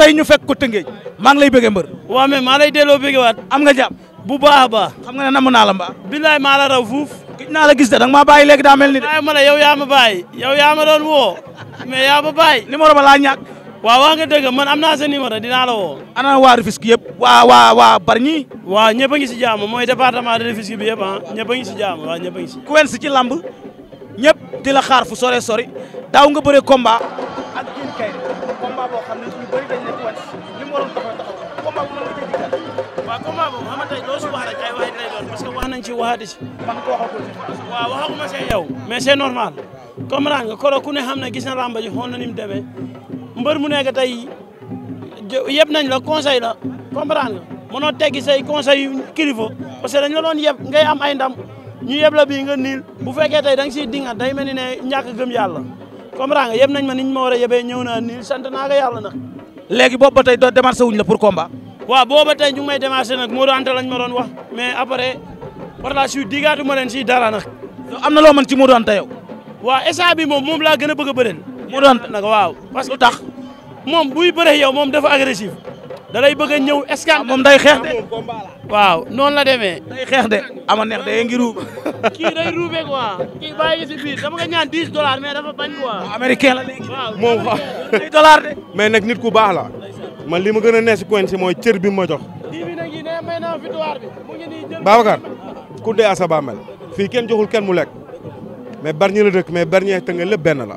tey ñu fekk ko tëngeej maa ngi lay bëggee mbër waaw mais maa lay delloo bëggee waat am nga jàmm bu baax a baax xam nga ne naa la mbaa billaay maa la raw fuuf gis naa la gis da danga maa bàyyi léegi daa mel ni de bàyyi ma la yow yaa ma bàyyi yow yaa ma doon woo mais yaa ma bàyyi numéro ba laa ñàkk waaw wax nga dëgg man am naa sa numéro dinaa la woo ana waa Rufisque yëpp waa waa waa Bargny waaw ñëpp a ngi si mooy département de Rufisque bi yëpp ah ñëpp a ngi si jàmm a ngi si ku wen si ci lamb ñëpp di la xaar fu sore sori daaw nga bëre combat tey doo nañ ci waxati ci man ko waxagul waaw waxaguma see yow mais c'est normal comprendre nga koro ku ne xam ne gis na làmba ji xool na ni mu demee mbër mu nekk tey yëpp nañ la conseil la comprendre nga mënoo teggi say conseil yu kilifa parce que dañ la yeb ngay am ay ndam ñu yeb la bii nga niil bu fekkee tey da nga siy dinga day mel ni ne ñàkk gëm yàlla comprendre nga yeb nañ ma niñ ma war a ñëw naa niil sant naa ko yàlla nag léegi boobu ba tey doo démarché wuñ la pour combat waaw booba tey ñu ngi may démarché nag Modou Anta lañ ma doon wax mais après par la suite digaatu ma leen si dara nag. am na loo mën ci Modou Anta yow. waa instant bi moom moom laa gën a bëgg a bëreel. Modou Anta nag waaw parce que tax moom buy bëree yow moom dafa agressif. da lay bëgg a ñëw escale. moom day xeex de. waaw noonu la demee. day xeex de ama neex de ngi ruub. kii day ruube quoi. nga ñaan 10 dollars mais dafa bañ la léegi. waaw moom 10 dollars de. mais nag nit ku baax la. man lii ma gën a neex si mooy cër bi ma jox. Babacar ku dee asa bàmmeel fii kenn joxul kenn mu lekk mais Bargny la dëkk mais Bargny te nga lépp benn la.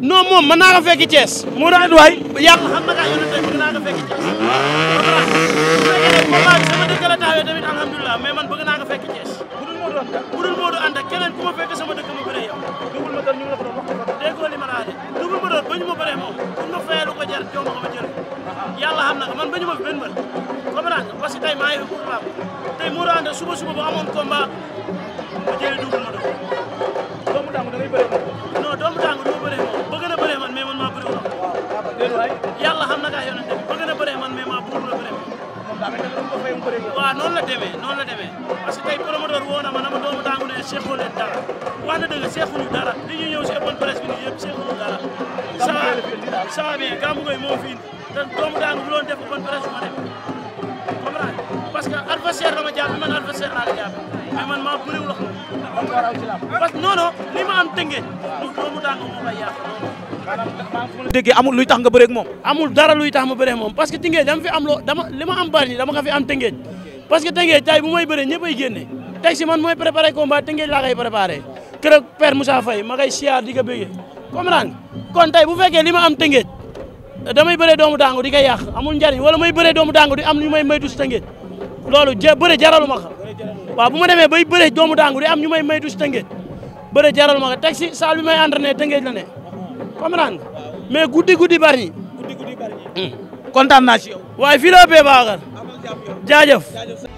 non moom mën naa ko fekki Thiès. moo tax it waay na kaa yónnee tey bëgg naa ko fekki Thiès. waaw waaw sama dëkk la taawee tamit alhamdulilah man bëgg naa ko fekki Thiès. budul moo doon ànd budul moo doon ànd ak keneen ku ma ma bëree yow. dugul ma ko doon wax ma laa de dugul ma doon ba ñu ma bëree moom pour ma fayalu na ko man ba ñu ma fi benn mbër. comprendre nga parce que tey maa ngi fi suba suba ba amoon combat waaw noonu la demee noonu la demee parce que tey promoteur woo ma na doomu daangu ne seexoo leen dara wax na dëgg seexuñu dara li ñu si open presse bi nii yëpp seexuñu dara sa saa bien gàmmu ngoy moo fi doomu daangu bu def open presse ma dem comprendre parce que adversaire dama jàpp man adversaire laa la jàpp man maa bëriwul wax parce que non ma am tënge du doomu daangu moo koy yàq dégg amul luy tax nga bëreeg moom amul dara luy tax ma bëreeg moom parce que tëngeej dama fi am loo dama li ma am bari dama ko fi am tëngeej parce que tëngeej tay bu may bëree ñëpp ay génne teg man mooy préparé combat tëngeej laa koy préparé kër père Moussa Faye ma koy siyaar di ko bëggee comprendre kon tay bu fekkee li ma am tëngeej damay bëree doomu dangu di koy yàq amul njariñ wala may bëree doomu dangu di am ñu may may si tëngeej loolu ja bëre jaralu ma ko waaw bu ma demee bay bëre doomu dangu am ñu may maytu si tëngeej bëre jaralu ma ko teg si salle may entraîné tëngeej la ne comprendre mais guddi guddi bari ñi. guddi guddi bari ñi. Hmm. naa ci yow. waaye fii la ëppee baaxal. jaajëf.